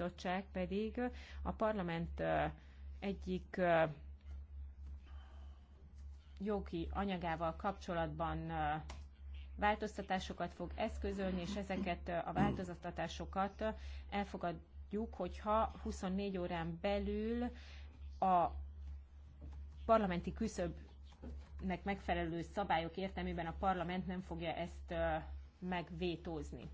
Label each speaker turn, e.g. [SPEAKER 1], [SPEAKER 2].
[SPEAKER 1] bizottság pedig a parlament egyik jogi anyagával kapcsolatban változtatásokat fog eszközölni, és ezeket a változtatásokat elfogadjuk, hogyha 24 órán belül a parlamenti küszöbnek megfelelő szabályok értelmében a parlament nem fogja ezt megvétózni.